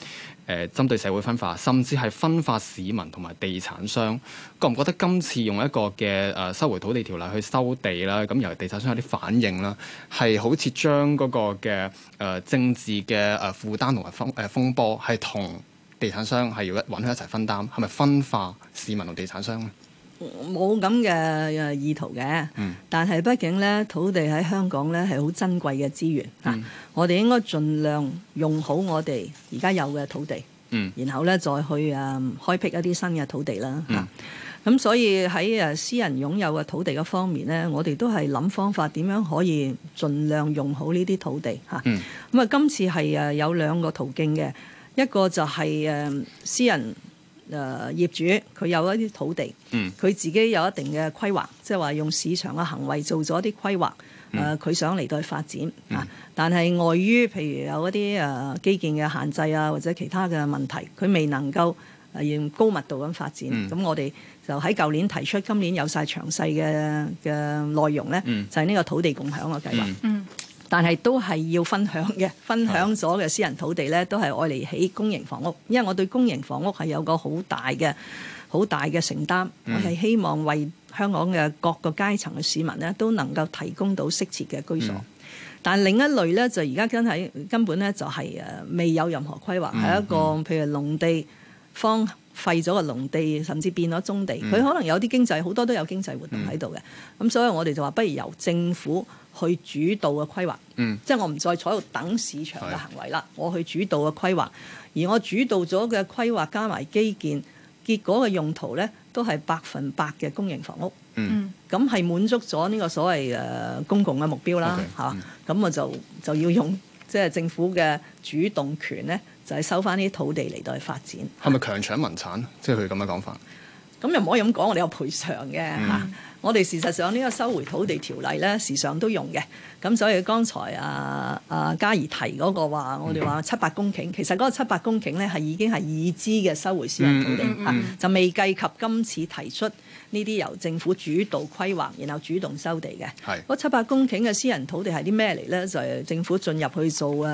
呃，針對社會分化，甚至係分化市民同埋地產商。覺唔覺得今次用一個嘅誒收回土地條例去收地啦？咁由地產商有啲反應啦，係好似將嗰個嘅誒、呃、政治嘅誒負擔同埋風誒風波，係同地產商係要揾佢一齊分擔，係咪分化市民同地產商咧？冇咁嘅誒意圖嘅，嗯、但係畢竟咧，土地喺香港咧係好珍貴嘅資源、嗯、啊！我哋應該盡量用好我哋而家有嘅土地，嗯、然後咧再去誒、嗯、開闢一啲新嘅土地啦嚇。咁、啊嗯啊、所以喺誒私人擁有嘅土地嘅方面咧，我哋都係諗方法點樣可以盡量用好呢啲土地嚇。咁啊，今、嗯啊、次係誒有兩個途徑嘅，一個就係、是、誒、呃、私人。誒、呃、業主佢有一啲土地，佢自己有一定嘅規劃，即係話用市場嘅行為做咗啲規劃。誒、呃、佢想嚟到去發展啊，但係礙於譬如有一啲誒、呃、基建嘅限制啊，或者其他嘅問題，佢未能夠用、呃、高密度咁發展。咁、嗯、我哋就喺舊年提出，今年有晒詳細嘅嘅內容咧，嗯、就係呢個土地共享嘅計劃。嗯但係都係要分享嘅，分享咗嘅私人土地呢，都係愛嚟起公營房屋，因為我對公營房屋係有個好大嘅、好大嘅承擔，我係希望為香港嘅各個階層嘅市民呢，都能夠提供到適切嘅居所。但另一類呢，就而家真係根本呢，就係誒未有任何規劃，係一個譬如農地方。廢咗個農地，甚至變咗棕地，佢、嗯、可能有啲經濟，好多都有經濟活動喺度嘅。咁、嗯、所以我哋就話，不如由政府去主導嘅規劃，嗯、即係我唔再坐喺度等市場嘅行為啦。是我去主導嘅規劃，而我主導咗嘅規劃加埋基建，結果嘅用途咧都係百分百嘅公營房屋。嗯，咁係滿足咗呢個所謂誒公共嘅目標啦，嚇、okay，嗯。咁、啊、我就就要用即係、就是、政府嘅主動權咧。就係收翻呢啲土地嚟到去發展，係咪強搶民產？啊、即係佢咁嘅講法。咁又唔可以咁講，我哋有賠償嘅嚇、嗯啊。我哋事實上呢個收回土地條例咧，時常都用嘅。咁、啊、所以剛才啊啊嘉怡提嗰個話，我哋話七八公頃，其實嗰個七八公頃咧係已經係已知嘅收回私人土地嚇、嗯嗯嗯啊，就未計及今次提出。呢啲由政府主導規劃，然後主動收地嘅。係嗰是七百公頃嘅私人土地係啲咩嚟呢？就係、是、政府進入去做誒誒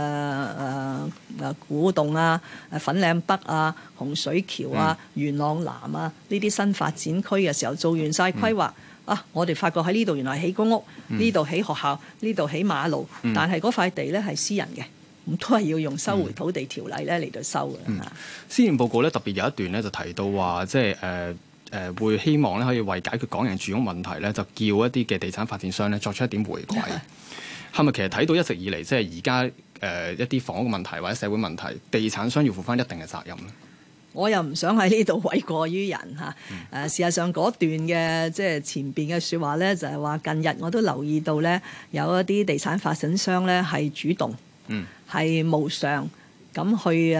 誒古洞啊、粉嶺北啊、洪水橋啊、嗯、元朗南啊呢啲新發展區嘅時候，做完晒規劃、嗯、啊，我哋發覺喺呢度原來起公屋，呢度起學校，呢度起馬路，嗯、但係嗰塊地呢係私人嘅，咁都係要用收回土地條例呢嚟到收嘅、嗯。嗯，施政報告呢特別有一段呢就提到話，即係誒。呃誒會希望咧可以為解決港人住屋問題咧，就叫一啲嘅地產發展商咧作出一點回饋，係咪係？係係其實睇到一直以嚟，即係而家誒一啲房屋問題或者社會問題，地產商要負翻一定嘅責任咧。我又唔想喺呢度諉過於人嚇誒、嗯啊，事實上嗰段嘅即係前面嘅説話咧，就係、係、話、就係、近日我都留意到咧，有一啲地產發展商咧係主動，嗯，係無償。咁去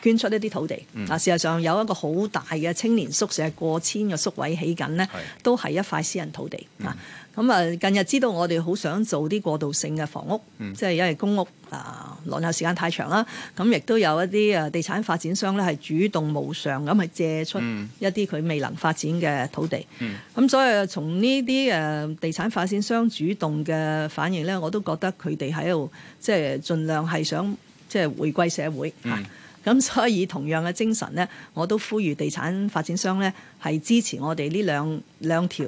捐出一啲土地，嗯、事實上有一個好大嘅青年宿舍，過千嘅宿位起緊呢都係一塊私人土地。啊、嗯，咁啊，近日知道我哋好想做啲過渡性嘅房屋，嗯、即係因為公屋啊，輪候時間太長啦。咁、啊、亦都有一啲地產發展商咧，係主動無償咁去借出一啲佢未能發展嘅土地。咁、嗯啊、所以從呢啲地產發展商主動嘅反應咧，我都覺得佢哋喺度即係盡量係想。即係回歸社會嚇，咁、嗯啊、所以同樣嘅精神呢，我都呼籲地產發展商呢係支持我哋呢兩兩條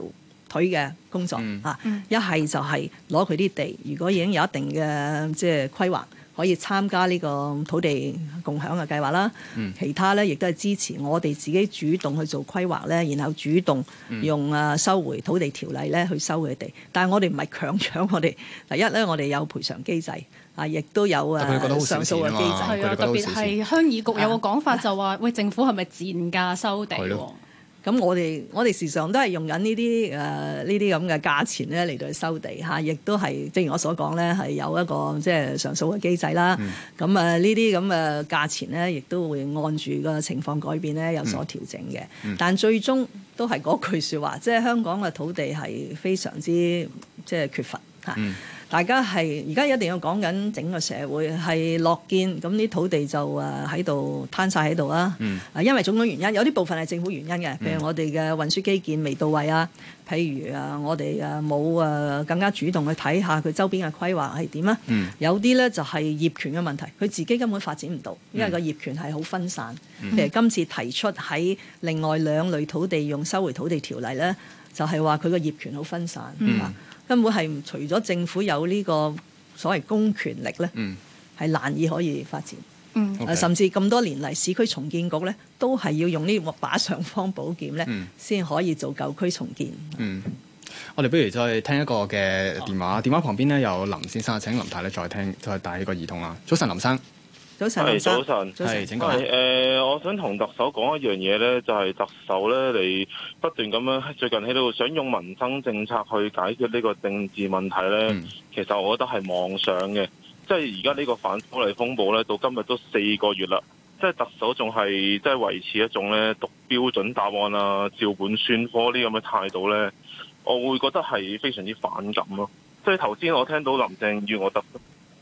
腿嘅工作嚇、嗯啊。一係就係攞佢啲地，如果已經有一定嘅即係規劃，可以參加呢個土地共享嘅計劃啦。嗯、其他呢，亦都係支持我哋自己主動去做規劃呢，然後主動用啊收回土地條例呢去收佢地。但係我哋唔係強搶，我哋第一呢，我哋有賠償機制。啊，亦都有啊，上訴嘅機制，係啊、特別係鄉議局有個講法就話，喂，政府係咪賤價收地？咁、啊、我哋我哋時常都係用緊呢啲誒呢啲咁嘅價錢咧嚟到去收地嚇，亦、啊、都係正如我所講咧，係有一個即係、就是、上訴嘅機制啦。咁、嗯、啊，呢啲咁嘅價錢咧，亦都會按住個情況改變咧有所調整嘅。嗯嗯、但最終都係嗰句説話，即、就、係、是、香港嘅土地係非常之即係缺乏嚇。啊嗯大家係而家一定要講緊整個社會係落建，咁啲土地就誒喺度攤晒喺度啦。啊、呃，嗯、因為種種原因，有啲部分係政府原因嘅，譬如我哋嘅運輸基建未到位啊，譬如啊，我哋誒冇誒更加主動去睇下佢周邊嘅規劃係點啊！嗯、有啲咧就係、是、業權嘅問題，佢自己根本發展唔到，因為個業權係好分散。譬如今次提出喺另外兩類土地用收回土地條例咧，就係話佢個業權好分散。嗯嗯根本係除咗政府有呢個所謂公權力咧，係、嗯、難以可以發展，甚至咁多年嚟，市區重建局咧都係要用呢把尚方寶劍咧，先、嗯、可以做舊區重建。嗯嗯、我哋不如再聽一個嘅電話，哦、電話旁邊呢，有林先生，請林太咧再聽，再戴呢個耳筒啦。早晨，林生。早晨，早晨，係請講。係、呃、我想同特首講一樣嘢咧，就係、是、特首咧，你不斷咁樣最近喺度想用民生政策去解決呢個政治問題咧，嗯、其實我覺得係妄想嘅。即係而家呢個反修例風暴咧，到今日都四個月啦。即係特首仲係即係維持一種咧讀標準答案啊、照本宣科呢咁嘅態度咧，我會覺得係非常之反感咯。即係頭先我聽到林鄭月娥我得。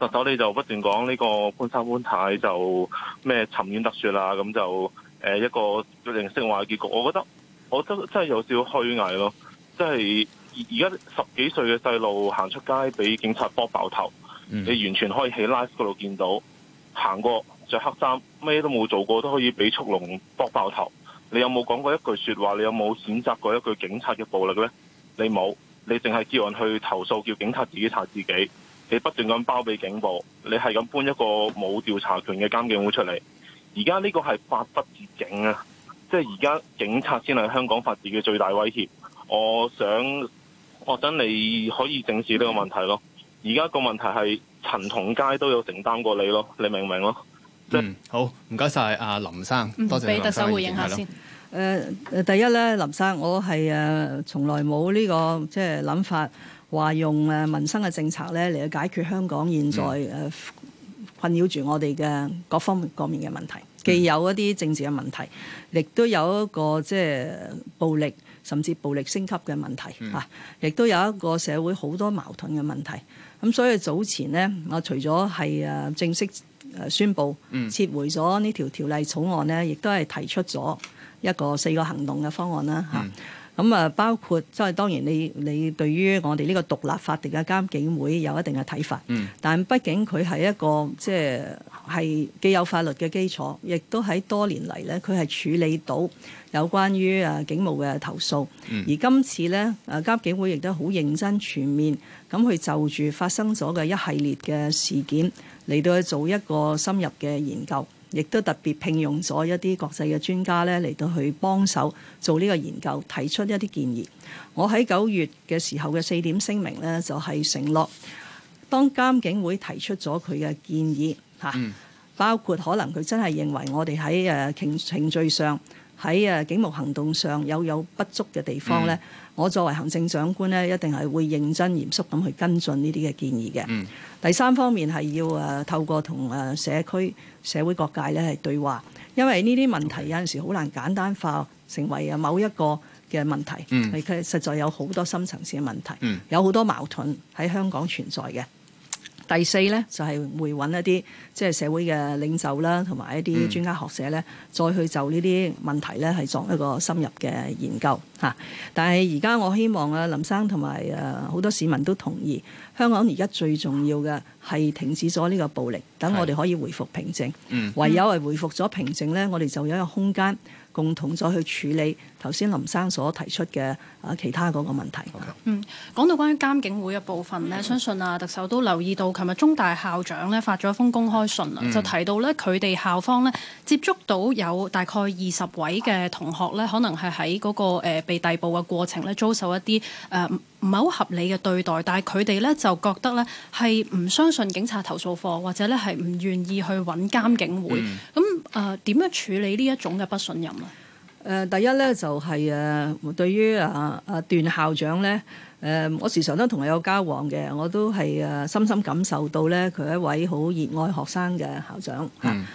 特首你就不斷講呢個潘生潘太，太就咩沉冤得雪啦、啊，咁就誒、呃、一個正聲嘅結局。我覺得我得真係有少少虛偽咯，即係而家十幾歲嘅細路行出街俾警察搏爆頭，你完全可以喺 live 嗰度見到行過着黑衫，咩都冇做過都可以俾速龍搏爆頭。你有冇講過一句說話？你有冇譴責過一句警察嘅暴力呢？你冇，你淨係叫人去投訴，叫警察自己查自己。你不斷咁包庇警暴，你係咁搬一個冇調查權嘅監警會出嚟，而家呢個係法不治警啊！即係而家警察先係香港法治嘅最大威脅。我想，我等你可以正視呢個問題咯。而家個問題係陳同佳都有承擔過你咯，你明唔明咯？嗯，好，唔該晒，阿林生，多謝你。俾特首回應下先，呃，第一呢，林生，我係誒從來冇呢個即係諗法。話用誒民生嘅政策咧嚟去解決香港現在誒困擾住我哋嘅各方各面嘅問題，嗯、既有一啲政治嘅問題，亦都有一個即係暴力甚至暴力升級嘅問題嚇，亦、嗯啊、都有一個社會好多矛盾嘅問題。咁所以早前呢，我除咗係誒正式誒宣布撤回咗呢條條例草案呢，亦都係提出咗一個四個行動嘅方案啦嚇。啊嗯咁啊，包括即係當然你，你你對於我哋呢個獨立法定嘅監警會有一定嘅睇法。嗯。但畢竟佢係一個即係係既有法律嘅基礎，亦都喺多年嚟咧，佢係處理到有關於啊警務嘅投訴。嗯。而今次呢，啊監警會亦都好認真全面咁去就住發生咗嘅一系列嘅事件嚟到去做一個深入嘅研究。亦都特別聘用咗一啲國際嘅專家咧，嚟到去幫手做呢個研究，提出一啲建議。我喺九月嘅時候嘅四點聲明呢，就係承諾，當監警會提出咗佢嘅建議嚇，嗯、包括可能佢真係認為我哋喺誒程程序上，喺誒警務行動上有有不足嘅地方咧，嗯、我作為行政長官咧，一定係會認真嚴肅咁去跟進呢啲嘅建議嘅。嗯、第三方面係要誒透過同誒社區社會各界咧係對話。因為呢啲問題有陣時好難簡單化成為啊某一個嘅問題，係佢、嗯、實在有好多深層次嘅問題，有好多矛盾喺香港存在嘅。第四咧就係會揾一啲即係社會嘅領袖啦，同埋一啲專家學者咧，再去就呢啲問題咧係作一個深入嘅研究吓。但係而家我希望啊林生同埋誒好多市民都同意，香港而家最重要嘅係停止咗呢個暴力，等我哋可以回復平靜。唯有係回復咗平靜咧，我哋就有一個空間。共同再去處理頭先林生所提出嘅啊其他嗰個問題。Okay. 嗯，講到關於監警會嘅部分呢，相信啊特首都留意到，琴日中大校長呢發咗一封公開信啊，就提到呢，佢哋校方呢接觸到有大概二十位嘅同學呢，可能係喺嗰個誒被逮捕嘅過程呢，遭受一啲誒。呃唔係好合理嘅對待，但係佢哋咧就覺得咧係唔相信警察投訴課，或者咧係唔願意去揾監警會。咁誒點樣處理呢一種嘅不信任咧？誒、呃，第一咧就係、是、誒對於啊啊段校長咧，誒、呃、我時常都同佢有交往嘅，我都係誒深深感受到咧佢係一位好熱愛學生嘅校長嚇。嗯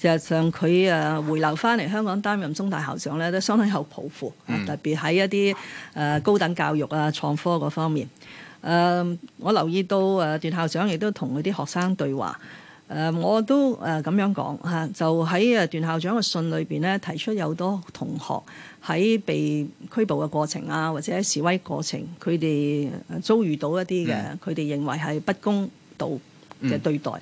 事實上佢回流翻嚟香港擔任中大校長咧，都相當有抱負，mm. 特別喺一啲高等教育啊、創科嗰方面。嗯、我留意到段校長亦都同佢啲學生對話。嗯、我都誒咁樣講，就喺段校長嘅信裏面咧，提出有多同學喺被拘捕嘅過程啊，或者喺示威過程，佢哋遭遇到一啲嘅佢哋認為係不公道嘅對待。呢、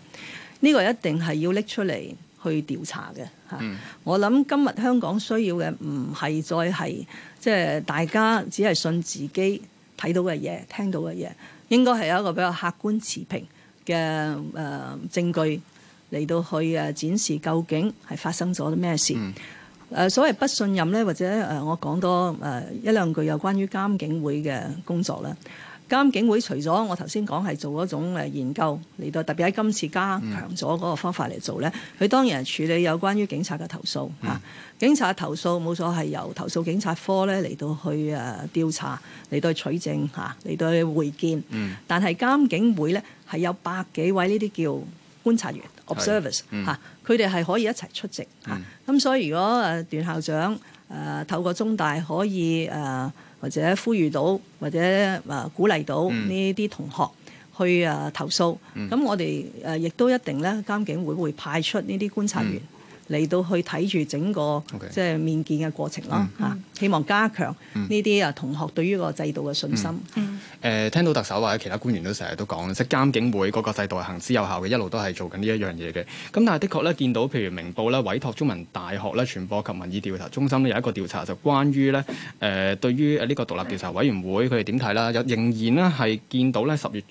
mm. 個一定係要拎出嚟，去調查嘅嚇，嗯、我諗今日香港需要嘅唔係再係即係大家只係信自己睇到嘅嘢、聽到嘅嘢，應該係有一個比較客觀持平嘅誒、呃、證據嚟到去誒、呃、展示究竟係發生咗啲咩事。誒、嗯呃、所謂不信任咧，或者誒、呃、我講多誒一兩句有關於監警會嘅工作啦。監警會除咗我頭先講係做嗰種研究嚟到，特別喺今次加強咗嗰個方法嚟做咧，佢當然係處理有關於警察嘅投訴嚇、嗯啊。警察嘅投訴冇錯係由投訴警察科咧嚟到去誒調、啊、查，嚟到去取證嚇，嚟、啊、到去會見。嗯、但係監警會咧係有百幾位呢啲叫觀察員 observers 嚇，佢哋係可以一齊出席嚇。咁、啊嗯啊、所以如果誒、呃、段校長誒、呃、透過中大可以誒。呃或者呼籲到，或者誒鼓勵到呢啲同學去誒投訴。咁、嗯、我哋誒亦都一定咧，監警會會派出呢啲觀察員。嗯嚟到去睇住整個 Okay. 即係面見嘅過程咯嚇，希望加強呢啲啊同學對於個制度嘅信心。誒，聽到特首或者其他官員都成日都講即係監警會嗰個制度係行之有效嘅，一路都係做緊呢一樣嘢嘅。咁但係的確咧，見到譬如明報咧委託中文大學咧傳播及民意調查中心呢，有一個調查，就關於呢誒對於呢個獨立調查委員會佢哋點睇啦，又仍然呢係見到咧十月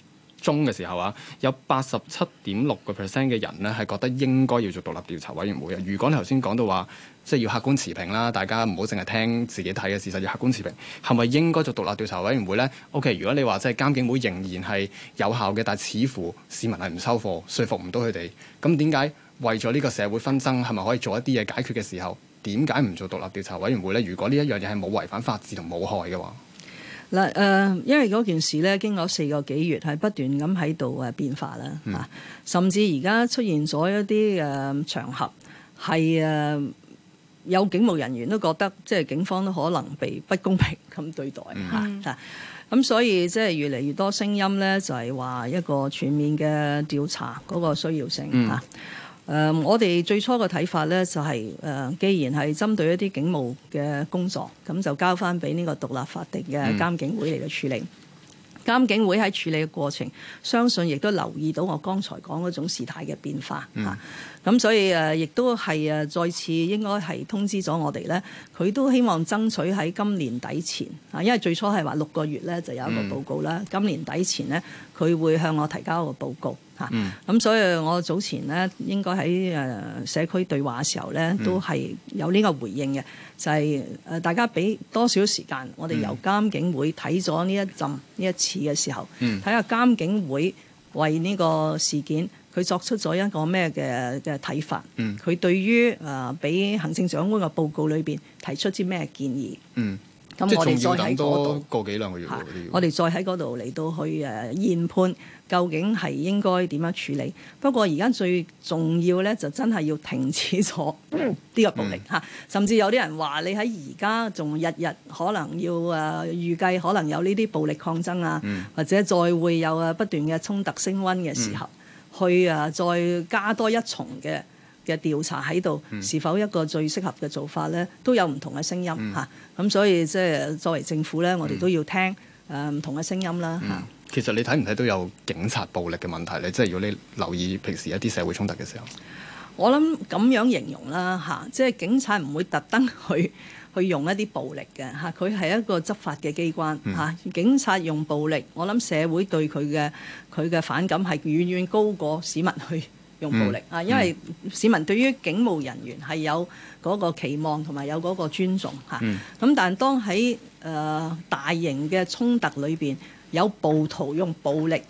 中嘅時候啊，有八十七點六個 percent 嘅人咧係覺得應該要做獨立調查委員會嘅。如果你頭先講到話，即係要客觀持平啦，大家唔好淨係聽自己睇嘅事實，要客觀持平，係咪應該做獨立調查委員會咧？OK，如果你話即係監警會仍然係有效嘅，但係似乎市民係唔收貨，說服唔到佢哋，咁點解為咗呢個社會紛爭，係咪可以做一啲嘢解決嘅時候，點解唔做獨立調查委員會咧？如果呢一樣嘢係冇違反法治同冇害嘅話？嗱誒，呃，因為嗰件事咧，經過四個幾月，係不斷咁喺度誒變化啦嚇，嗯啊，甚至而家出現咗一啲誒，呃，場合，係誒，呃、有警務人員都覺得，即係警方都可能被不公平咁對待嚇，咁，嗯啊、所以即係越嚟越多聲音咧，就係，是，話一個全面嘅調查嗰個需要性嚇。嗯啊。誒、嗯，我哋最初嘅睇法咧，就係、是、誒，既然係針對一啲警務嘅工作，咁就交翻俾呢個獨立法定嘅監警會嚟嘅處理。嗯、監警會喺處理嘅過程，相信亦都留意到我剛才講嗰種事態嘅變化嚇。咁、嗯啊、所以誒，亦都係誒，再次應該係通知咗我哋咧，佢都希望爭取喺今年底前啊，因為最初係話六個月咧就有一個報告啦。嗯、今年底前咧，佢會向我提交一個報告。嚇！咁、嗯啊、所以我早前咧，應該喺誒、呃、社區對話嘅時候咧，都係有呢個回應嘅，就係、是、誒、呃、大家俾多少時間我哋由監警會睇咗呢一陣呢、嗯、一次嘅時候，睇下監警會為呢個事件佢作出咗一個咩嘅嘅睇法。佢、嗯、對於誒俾、呃、行政長官嘅報告裏邊提出啲咩建議？嗯咁我哋再睇多個幾兩個月是、啊、我哋再喺嗰度嚟到去誒、uh, 研判究竟係應該點樣處理。不過而家最重要咧，就真係要停止咗呢個暴力嚇、嗯啊。甚至有啲人話你喺而家仲日日可能要誒、uh, 預計可能有呢啲暴力抗爭啊，嗯、或者再會有誒不斷嘅衝突升溫嘅時候，嗯、去誒、啊、再加多一重嘅。嘅調查喺度，是否一個最適合嘅做法呢？都有唔同嘅聲音嚇。咁、嗯啊、所以即係作為政府呢，我哋都要聽誒唔、嗯嗯、同嘅聲音啦嚇、啊嗯。其實你睇唔睇到有警察暴力嘅問題呢？即、就、係、是、如果你留意平時一啲社會衝突嘅時候，我諗咁樣形容啦嚇，即、啊、係、就是、警察唔會特登去去用一啲暴力嘅嚇，佢、啊、係一個執法嘅機關嚇、啊嗯啊。警察用暴力，我諗社會對佢嘅佢嘅反感係遠遠高過市民去用暴力啊！嗯嗯、因為市民對於警務人員係有嗰個期望同埋有嗰個尊重嚇。咁、嗯、但係當喺誒、呃、大型嘅衝突裏邊有暴徒用暴力，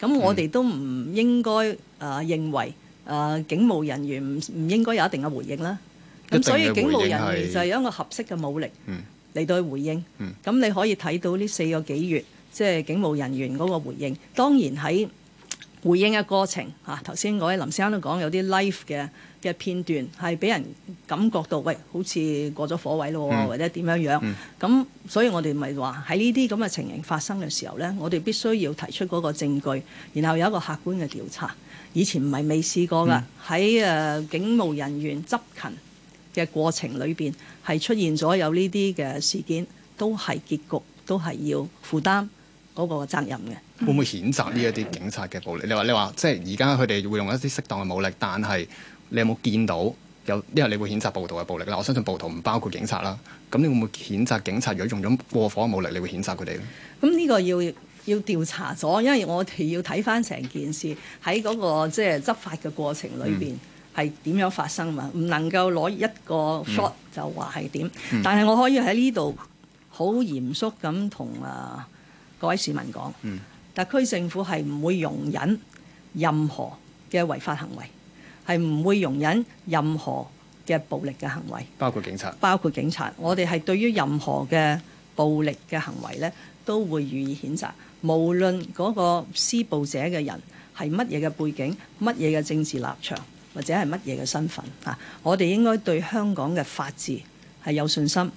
咁我哋都唔應該誒認為誒警務人員唔唔應該有一定嘅回應啦。咁所以警務人員就係一個合適嘅武力嚟到去回應。咁、嗯嗯、你可以睇到呢四個幾月，即係警務人員嗰個回應，當然喺。回應嘅過程嚇，頭先嗰位林先生都講有啲 live 嘅嘅片段係俾人感覺到喂，好似過咗火位咯，嗯、或者點樣樣咁、嗯，所以我哋咪話喺呢啲咁嘅情形發生嘅時候呢，我哋必須要提出嗰個證據，然後有一個客觀嘅調查。以前唔係未試過噶，喺誒、嗯呃、警務人員執勤嘅過程裏邊係出現咗有呢啲嘅事件，都係結局都係要負擔嗰個責任嘅。會唔會譴責呢一啲警察嘅暴力？你話你話，即係而家佢哋會用一啲適當嘅武力，但係你有冇見到有？因為你會譴責暴徒嘅暴力啦。我相信暴徒唔包括警察啦。咁你會唔會譴責警察如果用咗過火嘅武力？你會譴責佢哋咧？咁呢個要要調查咗，因為我哋要睇翻成件事喺嗰、嗰個即係執法嘅過程裏邊係點樣發生嘛。唔能夠攞一個 shot 就話係點。嗯、但係我可以喺呢度好嚴肅咁同啊各位市民講。嗯特區政府係唔會容忍任何嘅違法行為，係唔會容忍任何嘅暴力嘅行為。包括警察。包括警察，我哋係對於任何嘅暴力嘅行為呢，都會予以譴責。無論嗰個施暴者嘅人係乜嘢嘅背景、乜嘢嘅政治立場或者係乜嘢嘅身份啊，我哋應該對香港嘅法治係有信心。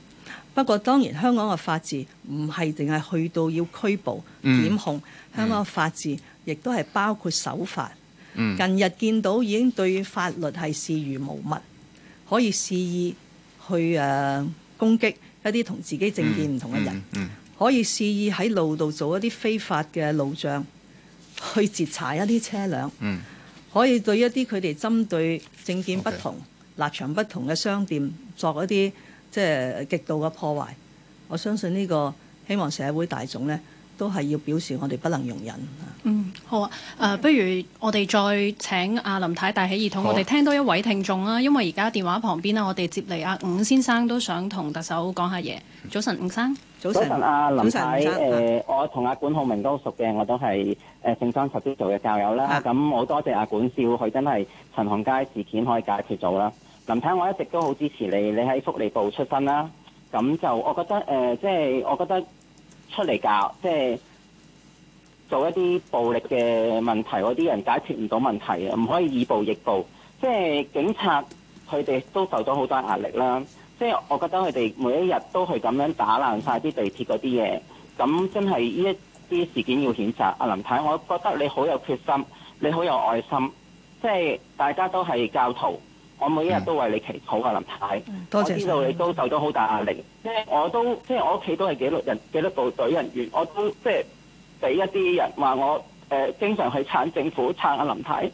不過當然，香港嘅法治唔係淨係去到要拘捕檢控。嗯、香港嘅法治亦都係包括守法。嗯、近日見到已經對法律係視如無物，可以肆意去誒、uh，攻擊一啲同自己政見唔同嘅人，嗯嗯嗯、可以肆意喺路度做一啲非法嘅路障，去截查一啲車輛。嗯、可以對一啲佢哋針對政見不同、okay. 立場不同嘅商店作一啲。即係極度嘅破壞，我相信呢個希望社會大眾呢，都係要表示我哋不能容忍。嗯，好啊。誒、呃，不如我哋再請阿林太帶起耳筒。好我哋聽到一位聽眾啊，因為而家電話旁邊啊，我哋接嚟阿、啊、伍先生都想同特首講下嘢。早晨，伍生。早晨，阿林太。誒、呃呃，我同阿管浩鳴都熟嘅，我都係誒聖三一座堂做嘅教友啦。咁、啊、我多謝阿管少，佢真係陳同佳事件可以解決咗啦。林太，我一直都好支持你。你喺福利部出身啦，咁就我覺得呃，即係我覺得出嚟教，即係做一啲暴力嘅問題嗰啲人解決唔到問題，啊，唔可以以暴易暴。即係警察佢哋都受咗好多壓力啦。即係我覺得佢哋每一日都去咁樣打爛晒啲地鐵嗰啲嘢，咁真係呢一啲事件要譴責。啊，林太，我覺得你好有決心，你好有愛心，即係大家都係教徒。我每一日都為你祈禱啊，林太，嗯、多謝，我知道你都受咗好大壓力。即係、嗯、我都，即係我屋企都係紀律人、紀律部隊人員，我都即係俾一啲人話我誒、呃、經常去撐政府，撐阿、啊、林太。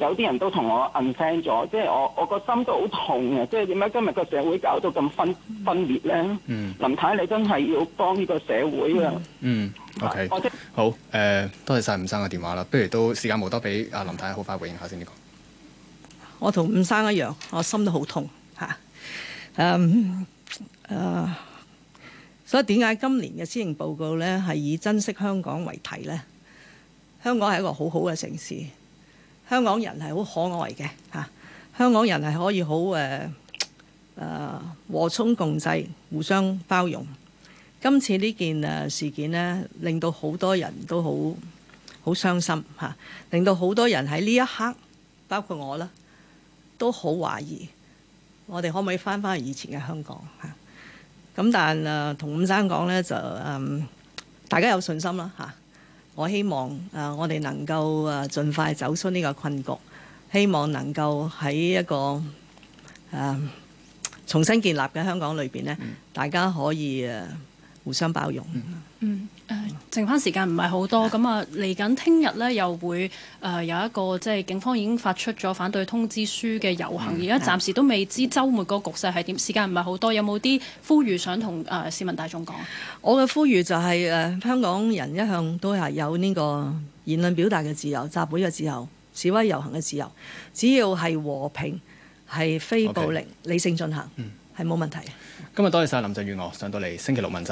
有啲人都同我 unfriend 咗，即係我我個心都好痛嘅。即係點解今日個社會搞到咁分分裂咧？嗯、林太，你真係要幫呢個社會啊！嗯，OK，好誒、呃，多謝晒吳生嘅電話啦。不如都時間無多，俾阿林太好快回應一下先、這、呢個。我同吳生一樣，我心都好痛嚇、啊啊。所以點解今年嘅施政報告呢？係以珍惜香港為題呢？香港係一個好好嘅城市，香港人係好可愛嘅嚇、啊，香港人係可以好誒誒和衷共濟、互相包容。今次呢件誒事件呢，令到好多人都好好傷心嚇、啊，令到好多人喺呢一刻，包括我啦。都好懷疑，我哋可唔可以返返去以前嘅香港嚇？咁、啊、但誒同、啊、五生講呢，就誒、嗯，大家有信心啦嚇、啊！我希望誒、啊、我哋能夠誒盡快走出呢個困局，希望能夠喺一個誒、啊、重新建立嘅香港裏邊呢，大家可以誒，嗯啊互相包容，嗯、呃、剩翻時間唔係好多，咁 *laughs* 啊。嚟緊聽日呢，又會誒、呃、有一個即係、就是、警方已經發出咗反對通知書嘅遊行。而家 *laughs* 暫時都未知週末個局勢係點。時間唔係好多，有冇啲呼籲想同誒、呃、市民大眾講？我嘅呼籲就係、是、誒、呃、香港人一向都係有呢個言論表達嘅自由、集會嘅自由、示威遊行嘅自由，只要係和平、係非暴力、Okay. 理性進行，嗯，係冇問題。今日多謝晒林鄭月娥上到嚟星期六問政。